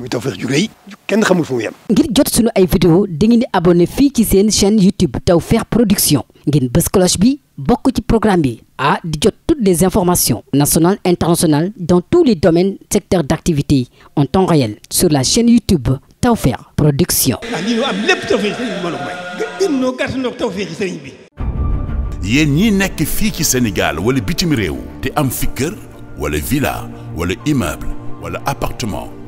muy Tawfekh ju rëy ngir jot sunu ay vidéo dangeen di abonné fii ci seen chaîne YouTube Tawfekh Production ngeen bës cloche bi bokk ci programme bi ah di jot toutes les informations nationales internationales dans tous les domaines secteurs d'activité en temps réel sur la chaîne YouTube Tawfekh Production. ah lii ñu am lépp Tawfekh sëriñ bi mbooloo mooy yéen ñii nekk fii ci Sénégal wala bitim réew te am fi kër wala villa wala immeuble wala appartement.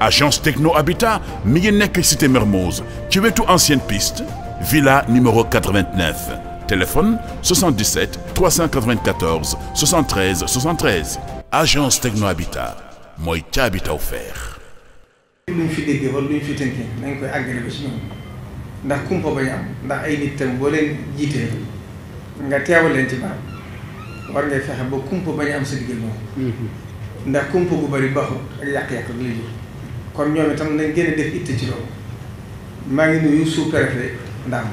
agence techno habitat mi ngi nekk cité Mermoz ci wetu ancienne piste villa numéro 89 téléphone 77 394 73 73 agence techno habitat mooy ca habitat offert. luñ fi déggee wala luñ fi tënkee nañ koy àggale ba si ñoom ndax kumpa bañ ndax ay nit tam boo leen jiitee nga teewal leen ci baax war ngay fexe ba kumpa bañ sa diggante moom. Mm-hmm. ndax kumpa gu bari baaxul ak yàq-yàq lay kon ñoom itam nañ gën def itte ci loolu maa ngi nuyu sous-préfet Ndam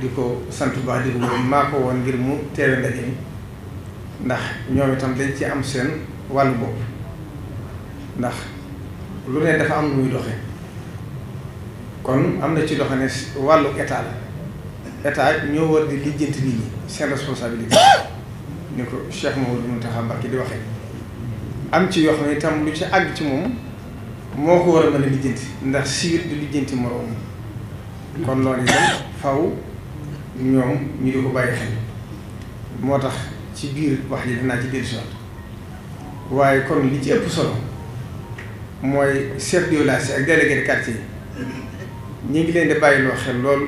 di ko sant bu baax di ko maa ko woon ngir mu teewe ndaje ndax ñoom itam dañ ci am seen wàllu bopp ndax lu ne dafa am lu muy doxe kon am na ci doxe ne wàllu état la état ñoo war di lijjanti nit ñi seen responsabilité ni ko Cheikh Maodo Mountakha Mbacké di waxee am ci yoo xam ne itam lu ci àgg ci moom moo ko war a mën a lijjanti ndax siir du lijjanti moroom kon loolu itam faw ñoom ñu di ko bàyyi xel moo tax ci biir wax ji dinaa ci dellusi waaye kon li ci ëpp solo mooy chef de village ak délégué de ñu ngi leen di bàyyiloo xel lool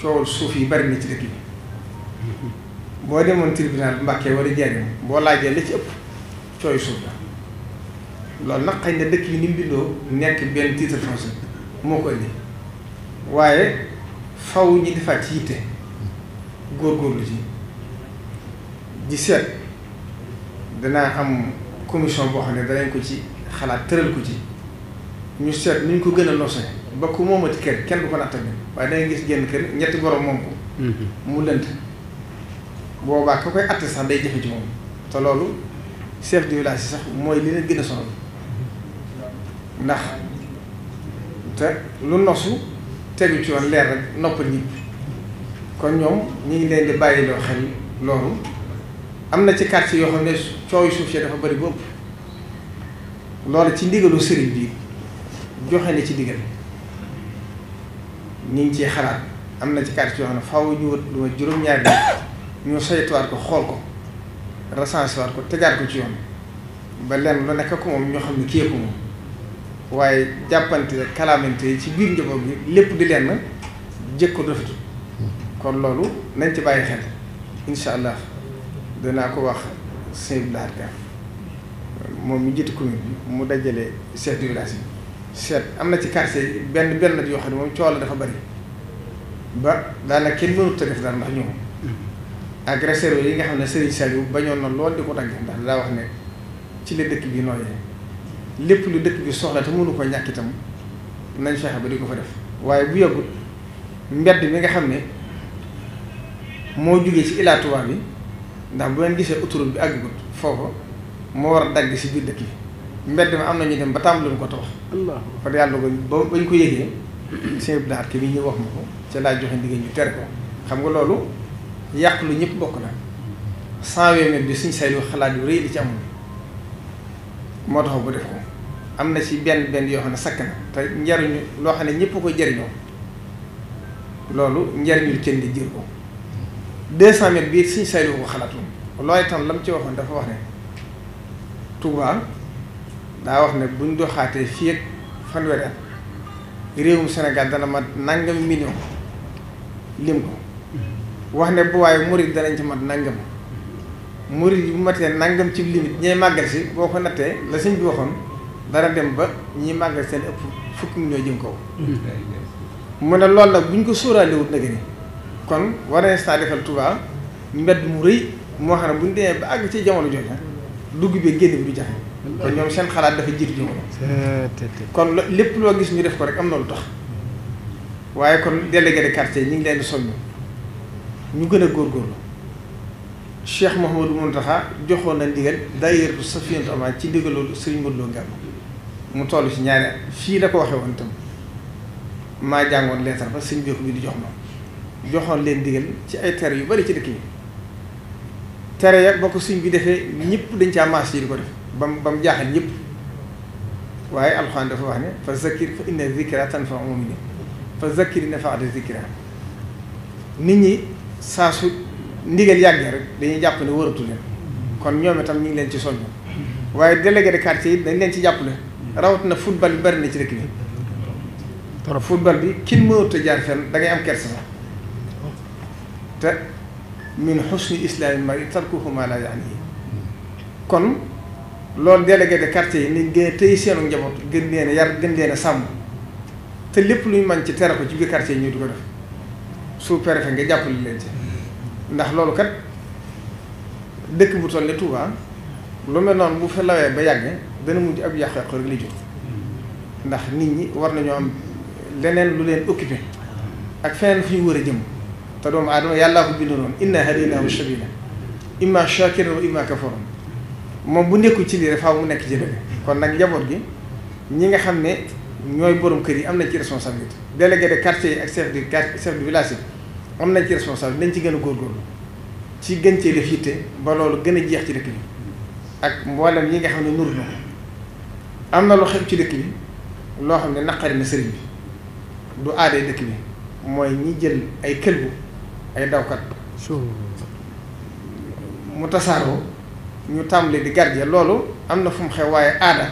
coowul suuf yi bari na ci dëkk bi boo demoon tribunal Mbàkke wala Njaaréem boo laajee li ci ëpp cooy suuf la loolu nag xëy na dëkk yi ni mu bindoo nekk benn titre foncier moo ko indi waaye faw ñi defaat ci yitte góorlu ci di seet danaa am commission boo xam ne danañ ko ci xalaat tëral ko ci ñu seet ni ñu ko gën a noose ba ku moomati kër kenn du ko natt tamit waaye dangay gis genn kër ñetti borom moom ko mm-hmm. mu lënt boobaa ka koy atte sax day jafe ci moom te loolu chef de village sax mooy li gën a sonal ndax te lu nosu tegu ci woon leer rek noppal nit kon ñoom ñu ngi leen di bàyyi loo xel loolu am na ci quartier yoo xam ne cooyu suuf si dafa bari bu ëpp loolu ci ndigalu sëriñ bi joxe na ci ndigal ñu ngi ciy xalaat am na ci quartier yoo xam ne faaw ñu wët lu ma juróom-ñaari ñu saytuwaat ko xool ko recensé ko tegaat ko ci yoon ba lenn lu nekk ko moom ñoo xam ne kii ko moom. waaye jàppante kalaamante yi ci biir njaboot bi lépp di leen jëkko rafetu kon loolu nañ ci bàyyi xel incha allah danaa ko wax sëñ Abdou Lahad Ka moom mu jiite commune bi mu dajale chef de village yi seet am na ci quartier yi benn benn yoo xam ne moom coow la dafa bari ba daanaka kenn mënut a def daal ndax ñoom agresseurs yi nga xam ne Serigne Saliou bañoon na lool di ko dagg ndax daa wax ne ci la dëkk bi nooyee lépp lu dëkk bi soxla te mënu ko ñàkk itam nañ fexe ba di ko fa def waaye bu yàggut mbedd mi nga xam ne moo jógee ci Ila Touba bi ndax bu ngeen gisee autoroute bi àggut foofa moo war a dagg si biir dëkk bi mbedd mi am na ñu dem ba tàmbali ko tabax. kon yàlla ko ba ba ñu ko yëgee. sëñ bi daal bi ñu wax ma ko ca laa joxe ndigal ñu ter ko. xam nga loolu yàq lu ñëpp bokk na cent vingt mètres bi suñ say lu xalaat yu rëy li ci amul moo tax bu def am na ci benn benn yoo xam ne sakk na te njariñu loo xam ne ñëpp ko jariñoo loolu njariñul kenn di jër ko deux cent mètres bii suñ saylu ko xalaatu loolu itam la mu ci waxoon dafa wax ne Touba daa wax ne buñ doxaatee fii ak fanweeri at réewum Sénégal dana mat nangam million lim ko wax ne bu waaye murid danañ ci mat nangam murid yi bu matee nangam ci limite ñay màggal si boo ko nattee la sëñ bi waxoon dara dem ba ñi màggal seen ëpp fukki ñoo jëm kaw. Mm-hmm. mu ne loolu nag bu ñu ko sóoraale wut nag ni kon war nañ saa defal Touba mbedd mu rëy moo xam ne bu ñu demee ba àgg ci jamono jooju dugg bi génn bi du jafe. kon ñoom seen xalaat dafa jiitu jamono. kon lépp loo gis ñu def ko rek am na lu tax waaye kon délégué de quartier ñu ngi leen di soññ ñu gën a góor góorgóorlu. Cheikh Mouhamadou Mountakha joxoon na ndigal daayira bu Safinatul Amaan ci ndigal loolu Serigne Modou Lo mu toll ci ñaari at fii la ko waxee woon itam maa jàngoon leetar ba sëñ bi ko bi di jox ma joxoon leen digal ci ay tere yu bari ci dëkk yi tere ya boo ko bi defee ñëpp dañ caa maas yi di ko def ba mu ba mu jaaxal ñëpp waaye alxuraan dafa wax ne fa zakkir fa inna zikra tanfa'u mu'minin fa zakkir nafa'ati zikra nit ñi saa su ndigal yàggee rek dañuy jàpp ne wëratu leen kon ñoom itam ñu ngi leen ci soññ waaye délégué de quartier yi dañ leen ci jàppale rawatina football bi bari na ci dëkk bi trop football bi kin mënut jaar fenn da ngay am kersa sax te min xusni islaami mari tarkuhu loolu délégué de quartier seenu njaboot gën leen a yar gën leen a sàmm te lépp luñ mën ci tere ko ci biir quartier yi ñu di ko def sous-préfet nga jàppale leen ci ndax loolu kat dëkk bu toll ni Touba lu mel noonu bu fa ba yàgg dana mujj ab yàqu-yàqu rek jur ndax nit ñi war nañoo am leneen lu leen occupé ak feneen fi ñu war a jëm te doomu aadama yàllaa ko bind noonu inna hadaynahu sabila imma shakiran wa imma kafuran moom bu nekkul ci lii rek faaw mu nekk ci kon nag njaboot gi ñi nga xam ne ñooy borom kër yi am nañ ci responsabilité délégué de quartier yi ak chef de quartier chef de village yi am nañ ci responsabilité nañ ci gën a góorgóorlu ci gën cee def yitte ba loolu gën a jeex ci dëkk bi ak mboolem yi nga xam ne nur am na lu xew ci dëkk bi loo xam ne naqari na sëriñ bi du aadee dëkk bi mooy ñi jël ay këlbu ay dawkat mu tasaaroo ñu tàmbali di garje loolu am na fu mu xew waaye aada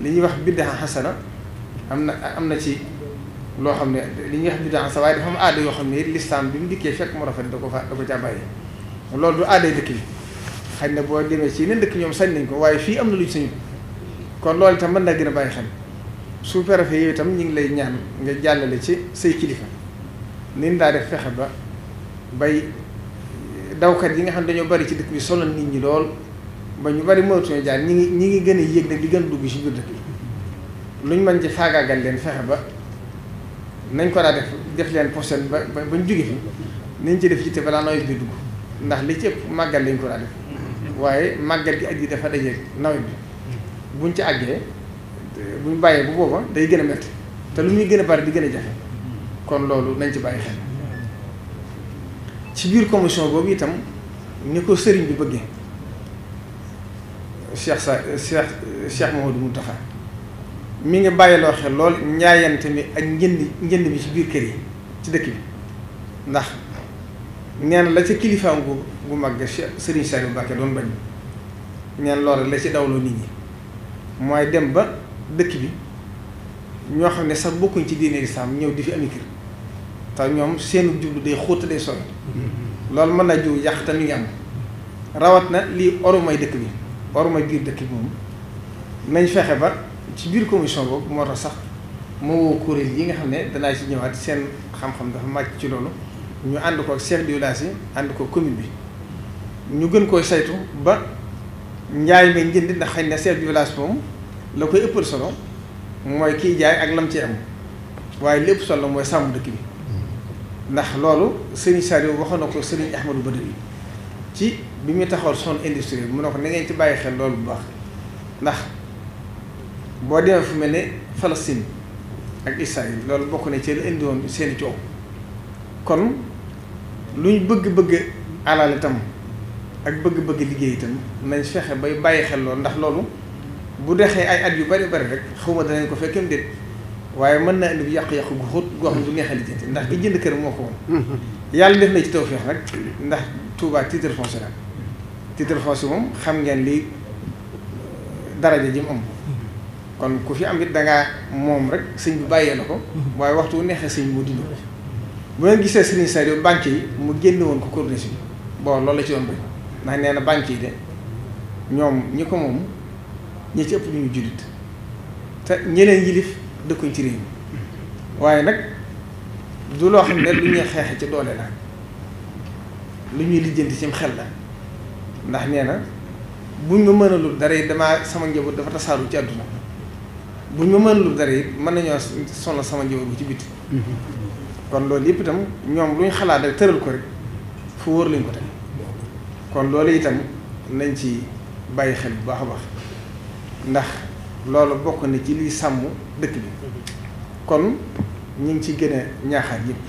li ñuy wax biddaa xasana am na am na ci loo xam ne li ñuy wax biddaa xasana waaye dafa am aada yoo xam ne lislaam bi mu dikkee fekk mu rafet da ko fa da ko jàmbaay loolu du aadee dëkk bi xëy na boo demee ci yeneen dëkk ñoom sañ nañ ko waaye fii am na lu ñu sañu kon loolu itam mën naa gën a bàyyi xel sous-préfet yooyu itam ñu ngi lay ñaan nga jàllale ci say kilifa nin daa def fexe ba bay dawkat yi nga xam ne dañoo bari ci dëkk bi sonal nit ñi lool ba ñu bari moytuñu jaar ñi ngi ñi ngi gën a yéeg ne di gën a dugg ci biir dëkk bi luñ mën ci faagaagal leen fexe ba nañ ko daa def def leen posen ba ba bañ jóge fi nañ ci def yitte balaa nawet bi dugg ndax li ci ëpp màggal lañ ko daa def waaye màggal gi at yi dafa dajeeg nawet bi buñ ci àggee buñ bàyyee bu booba day gën a métti te lu muy gën a bari di gën a jafe kon loolu nañ ci bàyyi xel ci biir commission boobu itam ni ko sëriñ bi bëggee Cheikh sa Cheikh Cheikh Mamadou Moustapha mi ngi bàyyiloo xel lool njaayante mi ak njënd njënd mi ci biir kër yi ci dëkk bi ndax neen la ci kilifaam gu gu mag Cheikh Serigne Saliou Mbacké doon bañ neen loolu la ci dawloo nit ñi mooy dem ba dëkk bi ñoo xam ne sax bokkuñ ci diine lislaam ñëw di fi ami kër te ñoom seenu jublu day xóot day sol mm-hmm. loolu mën naa jiw yàq te mi ngi am rawat na lii orumay dëkk bi orumay biir dëkk bi moom nañ fexe ba ci biir commission boobu moo tax sax moo woo kuréel yi nga xam ne danaa ci ñëwaat seen xam-xam dafa màcc ci loolu ñu ànd ko ak chef de yi ànd ko commune bi ñu gën koy saytu ba njaay ma njënd ndax xëy ne chef de moom la koy ëppal solo mooy kiy jaay ak lam ci am waaye lépp solo mooy sàmm dëkk bi ndax loolu sëriñ Saliou waxoon ko ko sëriñ Ahmadou Badri ci bi muy taxawal son industrie bi mu ne ko na ngeen ci bàyyi xel loolu bu baax ndax boo demee fu mel ne Palestine ak Israël loolu bokk na ci la indi woon seeni coow kon lu ñu bëgg-bëgg alal itam ak bëgg-bëgg liggéey itam nañ fexe bay bàyyi xel loolu ndax loolu bu dexee ay at yu bari bari rek xaw ma danañ ko fekkem déet waaye mën naa indi yàqu-yàqu gu xóot goo xam ne du neexee lijjanti ndax ki jënd kër moo ko woon mm-hmm. yàlla def na ci tawfeex nag ndax Touba titre foncier la titre foncier moom xam ngeen li daraja ji mu am mm-hmm. kon ku fi am it dangaa moom rek sëñ bi bàyyee na ko mm-hmm. waaye waxtu neexee sëñ moo dindi ko bu ngeen gisee Serigne Sadio banque yi mu génne woon ko coordination bi bon loolu la ci doon bi ndax nee na banque yi de ñoom ñi ko moom ñi ci ëpp ñu ngi jullit te ñeneen yilif dëkkuñ ci réew mi waaye nag du loo xam ne lu ñuy xeexe ci doole la lu ñuy lijjanti cim xel la ndax nee na buñ ma mënalul dara yi damaa sama njaboot dafa tasaaru ci àdduna buñ ma mënalul dara yi mën nañoo sonal sama njaboot bu ci biti kon loolu yëpp itam ñoom luñ xalaat rek tëral ko rek fu wóor lañ ko teg kon loolu itam nañ ci bàyyi xel bu baax a baax ndax loolu bokk na ci liy sàmm dëkk bi kon ñu ngi ci gën a ñaaxaat yëpp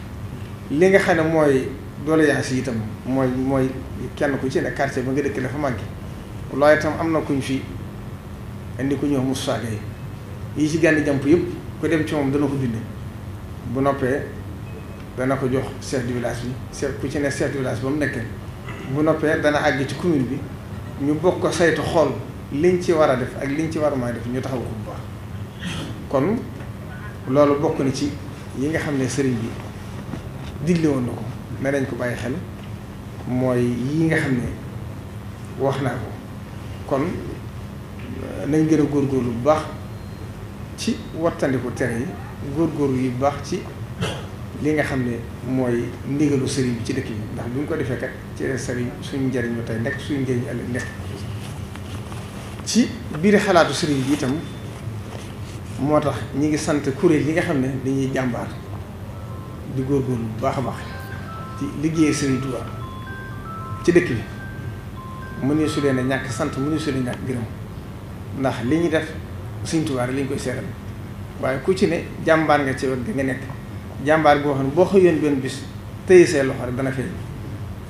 li nga xam ne mooy doléance itam mooy mooy kenn ku ci ne quartier ba nga dëkk dafa màgg loolu itam am na kuñ fi indi ko ñëw Moussa Gueye yi ci gànn jàmp yëpp ku dem ci moom dana ko bind bu noppee dana ko jox chef du village bi chef ku ci ne chef du village ba mu nekkee bu noppee dana àgg ci commune bi ñu bokk ko saytu xool liñ ci war a def ak liñ ci war maa def ñu taxaw ko bu baax kon loolu bokk na ci yi nga xam ne sëriñ bi digle woon ko ne nañ ko bàyyi xel mooy yi nga xam ne wax naa ko kon euh, nañ gën a góorgóorlu bu baax ci wattandiku tere yi góor yi bu baax ci li nga xam ne mooy ndigalu sëriñ bi ci dëkk yi ndax bu ñu ko defee kat ci sëriñ suñu njëriñu tey nekk suñu njëriñu ëllëg nekk ci biir xalaatu sëriñ bi itam moo tax ñi ngi sant kuréel yi nga xam ne dañuy jàmbaar di góor bu baax a baax ci liggéey sëriñ Touba ci dëkk bi mënuñu su leen ñàkk sant mënuñu su leen ñàkk gërëm ndax li ñuy def sëriñ Touba li ñu koy seeral waaye ku ci ne jàmbaar nga ci wet nga nekk jàmbaar goo xam ne boo xëyoon benn bi tëye see loxo rek dana feeñ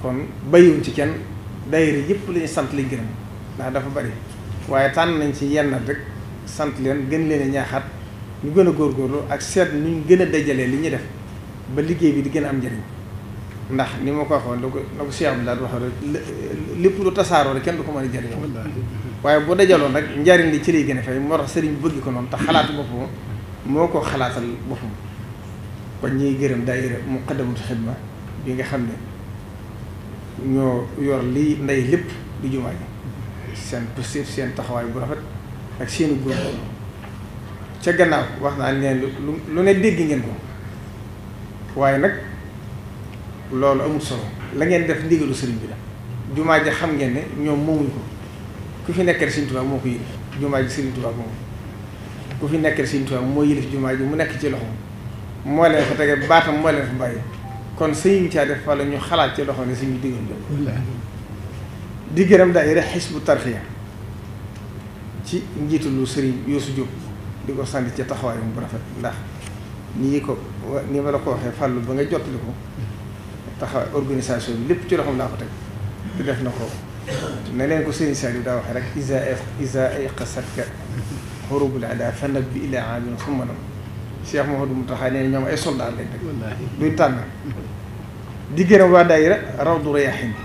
kon bàyyiwuñ ci kenn daayira yëpp la sant liñ gërëm ndax dafa bari waaye tànn nañ ci yenn rek sant leen gën leen a ñaaxaat ñu gën a góor góorgóorlu ak seet ñu gën a dajalee li ñuy def ba liggéey bi di gën a am njëriñ ndax ni ma ko waxoon la ko la ko Cheikh Abdoulaye waxoon rek lépp lu tasaaroo rek kenn du ko mën a jëriñoo waaye bu dajaloon rek njariñ li ci lay gën a fay moo tax ñu bëgg ko noonu te xalaatu boppam moo ko xalaatal boppam kon ñuy gërëm daayira Muqaddamatul Xidma bi nga xam ne ñoo yor li ndey lépp di jumaa ji seen pëstéef seen taxawaay bu rafet ak seeni góor ca gannaaw wax naa leen lu lu ne dégg ngeen ko waaye nag loolu amul solo la ngeen def ndigalu sëriñ bi la jumaa ji xam ngeen ne ñoom moomuñ ko ku fi nekkal Sëriñ Tuubaa moo ko yëlif jumaa ji Sëriñ Tuubaa moomu fi nekkal Sëriñ moo yëlif jumaa ji mu nekk ci loxoom moo leen fa tege baatam moo leen fa bàyyi kon sëyiñ caa def wala ñu xalaat ci loxo ne suñu digal di gërëm daayira bu Tarqiyyah ci njiitu lu Serigne Youssou Diop di ko sant ci taxawaay bu rafet ndax nii ko ni ma la ko waxee fàllu ba nga jottali ko taxawaay organisation bi lépp ci loxoom laa ko teg te def na ko ne leen ko Serigne Saliou daa waxee rek isa e-, isa qasatka xurubul ada fa nabbi ilaa amin summa nam Cheikh Mouhamadou Mountakha nee ñoom ay soldat lañ rek duñ tànn di gërëm waa daayira Rawdu Rayaahiin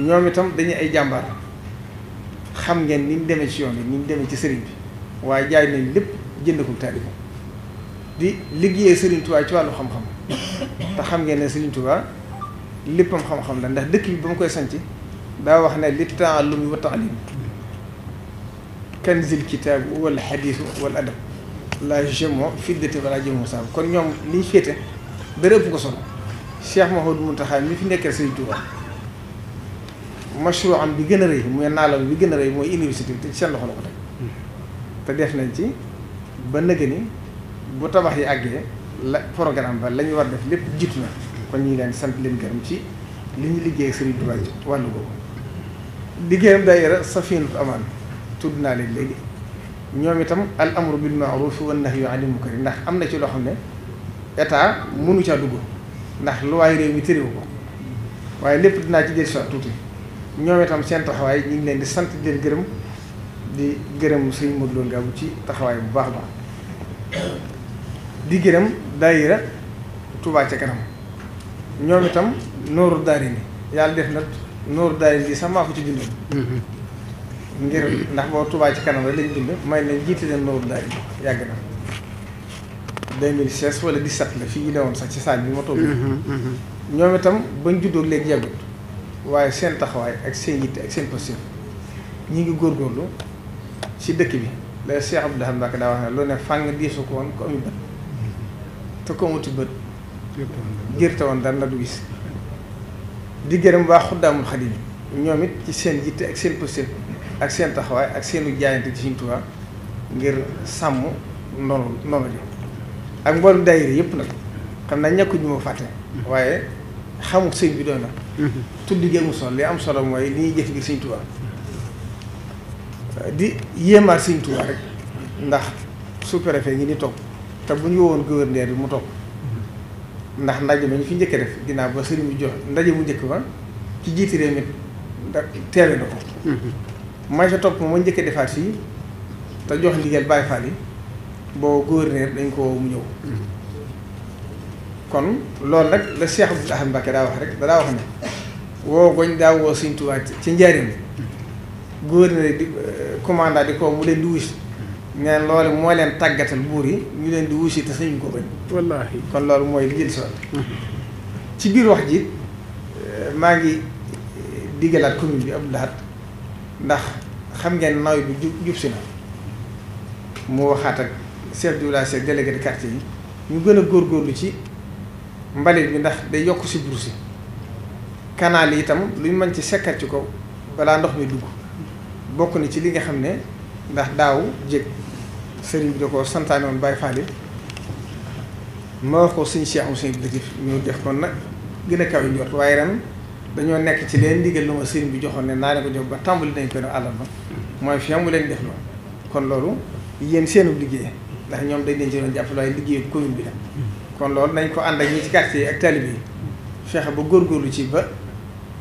ñoom itam dañu ay jàmbaar xam ngeen ni ñu demee ci yoon bi ni ñu demee ci sëriñ bi waaye jaay nañ lépp jënd ko taalifa di liggéeyee sëriñ Touba ci wàllu xam-xam te xam ngeen ne sëriñ Touba léppam xam-xam la ndax dëkk bi ba mu koy sanc daa wax ne li taallumi wa taalim kanzil kitaab wala xadiisu wala adab la jemo fiddati wala jemo saab kon ñoom liñ féete dara ëpp ko solo Cheikh Mahoud Mountakha mi fi nekkee sëriñ Touba mashru am bi gën a rëy muy naalam bi gën a rëy mooy université bi te ci seen loxo la ko teg te def nañ ci ba nëgë ni bu tabax yi àggee la programme ba la ñu war def lépp jiitu na kon ñu ngi leen sant leen gërëm ci li ñu liggéey ak Serigne Touba ci wàllu boobu. liggéeyam daayira Safinatu Amaan tudd naa leen léegi ñoom itam al amru bil maaruf wa nahyu anil munkar ndax am na ci loo xam ne état mënu caa dugg ndax lu waay réew mi tëriwu ko waaye lépp dinaa ci jël si tuuti. ñoom itam seen taxawaay ñu ngi leen di sant di leen gërëm di gërëm sëñ Modou Lo Ngabou ci taxawaay bu baax a baax di gërëm daayira Touba ca kanam ñoom itam nooru daari ni yàlla def na nooru daari lii sax maa ko ci bindoon ngir ndax boo Touba ci kanam rek lañu bind may nañ jiite leen nooru daari yàgg na 2016 wala 17 la fii ñu woon sax ci saal bi ma toog mm-hmm, mm-hmm. ñoom itam bañ juddoo léegi yàggut waaye seen taxawaay ak seen yitte ak seen positif ñi ngi góorgóorlu ci dëkk bi la Cheikh Abdou Lahad Mbacké daa wax ne loolu ne fàng diisu ko woon ko amu bët te la du di gërëm waa Xuddaamul Xadiim ñoom it ci seen yitte ak seen positif ak seen taxawaay ak seenu jaayante ci Sëriñ Tuubaa ngir sàmm noonu noonu ji ak mboolem daayira yëpp nag xam naa ñàkk ñu ma fàtte waaye xamul sëñ bi doy na. Mhm. tudd géemu solo li am solo mooy li ñuy jëf ngir sëñ Tuubaa di yéemaat sëñ Tuubaa rek ndax sous-préfet ngi di topp te bu ñu wowoon gouverneur bi mu topp ndax ndaje ma ñu fi njëkk def ginnaaw ba sëriñ mu jox ndaje mu njëkk ba ci jiiti réew mi teele na ko. Mhm. may sa topp ma njëkk defaat fii te jox ndigal Baay Faal yi boo gouverneur dañ ko mu ñëw. Mhm. kon loolu rek la Cheikh Abdoul Ahad Mbacké daa wax rek daa wax ne woo goñ daa woo Sëñ Tuubaa ci njariñ gouverneur di euh, commandant di ko mu leen di wusi moo leen tàggatal buur yi ñu leen di wusi ko bañ kon loolu mooy li jël sol mm-hmm. ci biir wax ji euh, maa ngi euh, diggalaat commune bi Abdoul Ahad ndax xam ngeen nawet bi jub jub si na mu waxaat ak chef de village délégué quartier yi ñu gën a góor góorlu ci mbalit bi ndax day yokk si bursi kanaal yi itam luñ mën ci sekkat ci ko balaa ndox mi dugg bokk na ci li nga xam ne ndax daaw jég sëriñ bi da ko santaane woon Baye Fall ma wax ko suñ Cheikh Ousseynou bi dëkk ñu def kon nag waaye ren dañoo nekk ci leen ndigal lu ma sëriñ bi joxoon ne naa leen ko jox ba tàmbali nañ ko ne àllal ba mooy fi mu leen def loolu kon loolu yéen seenu liggéey ndax ñoom dañ leen ci doon jàppale waaye ko commune bi la kon loolu nañ ko ànd ak ñi ci quartier yi ak talib yi fexe ba góorgóorlu ci ba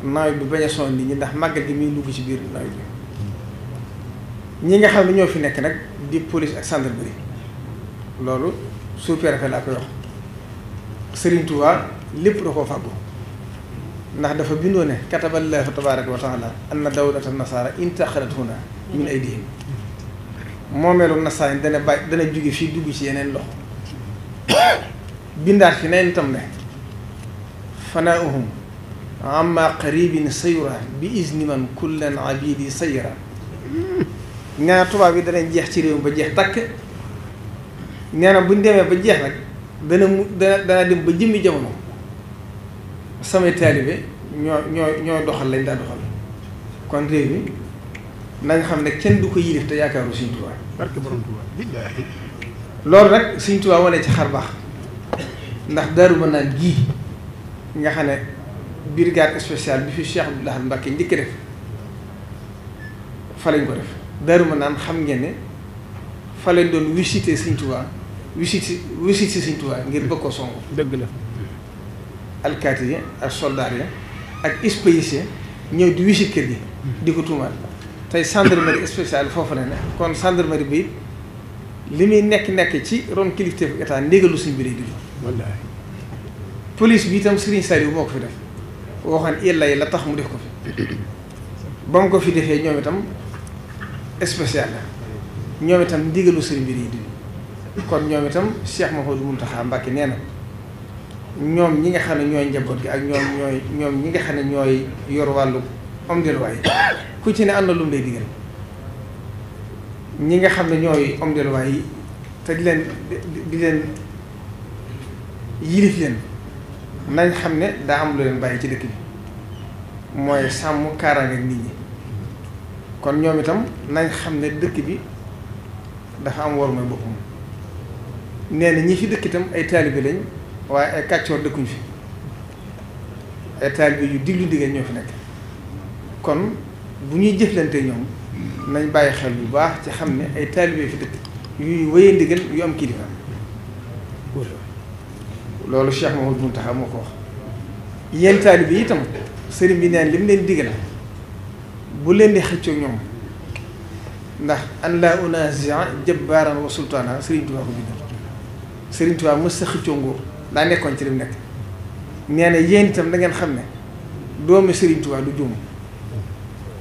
nawet bi bañ a sonn nit ñi ndax màggal gi muy dugg ci biir nawet bi ñi nga xam ne ñoo fi nekk nag di police ak gendarmerie loolu sous-préfet laa koy wax Serigne Touba lépp da koo fàggu ndax dafa bindoo ne kataballaahu tabaaraka wa taala anna dawlata nasaara intaqalat huna min aydihim moomeelu nasaan dana bàyyi dana jóge fii dugg ci yeneen loxo bindaat fi neen itam ne fanaauhum amma qaribin sayura bi izni man kullan abidi sayura nee na tubaab yi danañ jeex ci réew ba jeex takk nee na buñ demee ba jeex nag dana mu dana dana dem ba jëmmi jamono samay taalibe ñoo ñoo ñoo doxal lañ daa doxal kon réew mi na xam ne kenn du ko yilif te yaakaaru Sëriñ Tuubaa. barke Borom Tuubaa. loolu rek Sëriñ Tuubaa wane ci xar baax. ndax Daaru Manaan gii nga xam ne brigade spéciale bi fi Cheikh Abdoul Ahad Mbacké njëkk def fa lañ ko def Daaru Manaan xam ngeen ne fa lañ doon visité Sëñ Tuubaa visité visité Sëñ Tuubaa ngir bëgg ko songu dëgg la alkaati yi ak soldaar yi ak spécial ñëw di visite kër gi di ko tuumaal tey gendarmerie spéciale foofu la ne kon gendarmerie bi li muy nekk nekk ci ron kilifteefu état ndégalu suñ mbir yi wallaahi police bi itam Serigne Saliou moo ko fi def waxoon illa yi la tax mu def ko fi ba mu ko fi defee ñoom itam spécial la ñoom itam ndigalu sëriñ bi kon ñoom itam Cheikh Mouhamadou Mountakha Mbacké nee na ñoom ñi nga xam ne ñooy njaboot gi ak ñoom ñooy ñoom ñi nga xam ne ñooy yor wàllu homme de ci ne am na lu mu lay digal ñi nga xam ne ñooy homme de yi te di leen di leen. yilif leen nañ xam ne daa am lu leen bàyyi ci dëkk bi mooy sàmm kaaraange nit ñi kon ñoom itam nañ xam ne dëkk bi dafa am war mooy boppam nee na ñi fi dëkk itam ay taalibe lañ waaye ay kàccoor dëkkuñ fi ay taalibe yu diglu diggéen ñoo fi nekk kon bu ñuy jëflante ñoom nañ bàyyi xel bu baax ci xam ne ay taalibe fi dëkk yuy wéye ndigal yu am kilifa loolu Cheikh Mouhamadou Mountakha moo ko wax yéen taalibe itam sëriñ bi neen li mu leen digal bu leen di xëccoo ñoom ndax an laa unazia jabbaaran wa sultaana sëriñ Tuubaa ko bindal sëriñ Tuubaa mës nekkoon ci li mu nekk nee na yéen ngeen xam ne doomi sëriñ Tuubaa du juum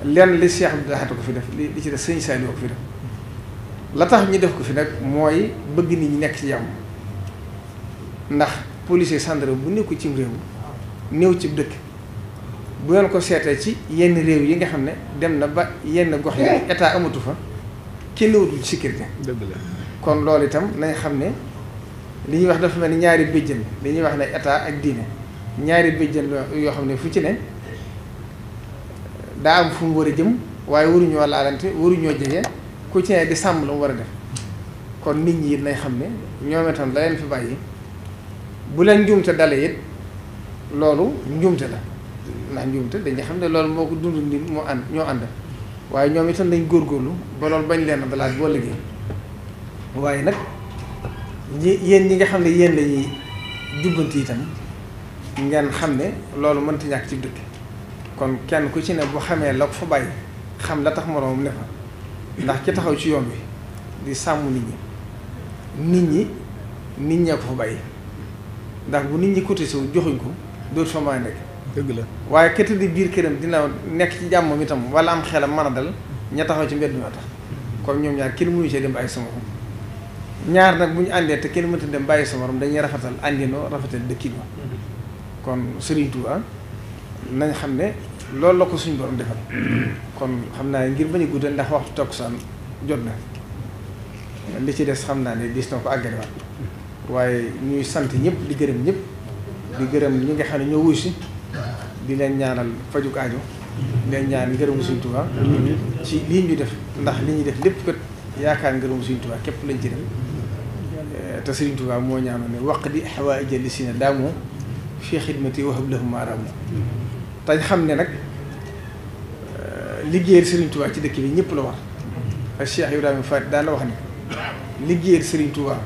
lenn li Cheikh bi Lahad ko fi def li ci def sëñ Saliou ko fi def la tax ñu def ko fi nag mooy bëgg nit ñi nekk ci jàmm ndax policier gendarme bu nekkul ci réew néew ci dëkk bu ngeen ko seetee ci yenn réew yi nga xam ne dem na ba yenn gox yi eh. état amatu fa kenn wutul sécurité. dëgg la kon loolu itam nañ xam ne li ñuy wax dafa mel ni ñaari béjjën ñuy wax ne état ak diine ñaari béjjën yoo xam ne fu ci ne daa am fu mu war a jëm waaye waruñoo laalante waruñoo jege ku ci ne di sàmm lu mu war a def kon nit ñi it nañ xam ne ñoom itam la leen fi bàyyi. bu leen njuumte dalee it loolu njuumte la ndax njuumte dañuy xam ne loolu moo ko dund ni moo ànd ñoo ànd waaye ñoom itam dañ góorgóorlu ba loolu bañ leen a dalaat boo liggéey waaye nag ñi yéen ñi nga xam ne yéen lañuy jubbanti itam ngeen xam ne loolu mënta ñàkk ci dëkk kon kenn ku ci ne bu xamee la ko fa bàyyi xam la tax moroomam ne fa ndax ci taxaw ci yoon bi di sàmm nit ñi nit ñi nit ñee ko fa bàyyi ndax bu nit ñi cotisé wu joxuñ ko dootu fa mën nekk. dëgg la waaye kër di biir këram dina nekk ci jàmm itam tam wala am xelam mën a dal ña ci mbedd ñoo tax kon ñoom ñaar kenn mënu cee ñaar nag bu ñu àndee te kenn dem bàyyi sama morom dañuy rafetal àndinoo rafetal dëkkin wa kon Serigne Touba nañ xam ne loolu la ko suñu borom defal kon xam naa ngir bañ a guddal ndax waxtu takkusaan jot na li ci des xam naa ne dis na ko àggale waaye ñuy sant ñëpp di gërëm ñëpp di gërëm ñu nga xam ne ñoo wuy si di leen ñaanal fajuk aajo di leen ñaan ngërëmu Sëriñ Tuubaa ci lii ñu def ndax li ñuy def lépp kat yaakaar ngërëmu Sëriñ Tuubaa képp lañ ci dem te moo ñaanoon ne waq di xawaaija li si ne daamoo fii xidmati wahab lahum maaraamu tañ xam ne nag liggéeyal Sëriñ Tuubaa ci dëkk bi ñëpp la war ak Cheikh Ibrahima Faty daan la wax ne liggéeyal Sëriñ Tuubaa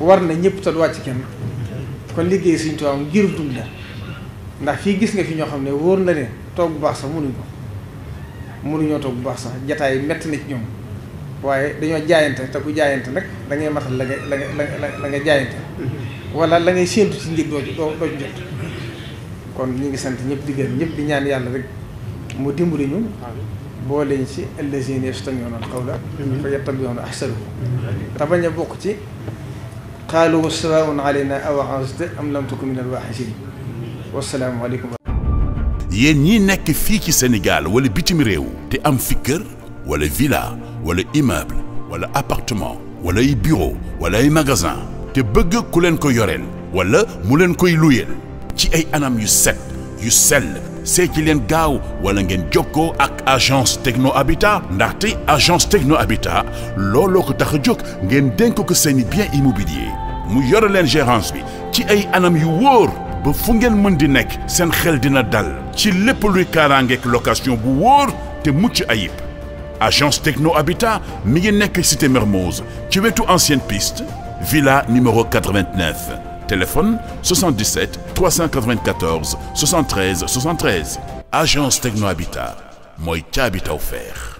war na ñëpp te du wàcc kenn kon liggéey Sëriñ Tuubaa ngir dund la ndax fii gis nga fi ñoo xam ne wóor na ne toog bu baax sax mënuñ ko mënuñoo toog bu baax sax jataay metti na ci ñoom waaye dañoo jaayante te ku jaayante nag da ngay matal la nga la nga la nga jaayante wala la ngay séentu ci njëg doo doo doo jot kon ñu ngi sant ñëpp di gërëm ñëpp di ñaan yàlla rek mu dimbali ñu boo leen ci allazina yastami'una al-qawla fa yattabi'una ahsanahu te bañ a bokk ci qaalu wa salaamun alayna aw a'azta am lam takun minal waa'iziin wa salaamu aleykum yéen ñii nekk fii ci Sénégal wala bitim réew te am fi kër wala villa wala immeuble wala appartement wala ay bureau wala ay magasin te bëgg ku leen ko yoreen wala mu leen koy luyeel ci ay anam yu set yu sell see ci leen gaaw wala ngeen jog jokkoo ak agence techno habitat ndaxte agence techno habitat looloo ko tax a jóg ngeen dénk ko seeni bien immobilier mu yore leen gérance bi ci ay anam yu wóor ba fu ngeen mën di nekk seen xel dina dal ci lépp luy kaaraangeek location bu wóor te mucc ayib agence techno habitat mi ngi nekk cité Mermoz ci wetu ancienne pist villa numéro 89 téléphone 77 394 73 73 agence techno habitat mooy ca habitat offert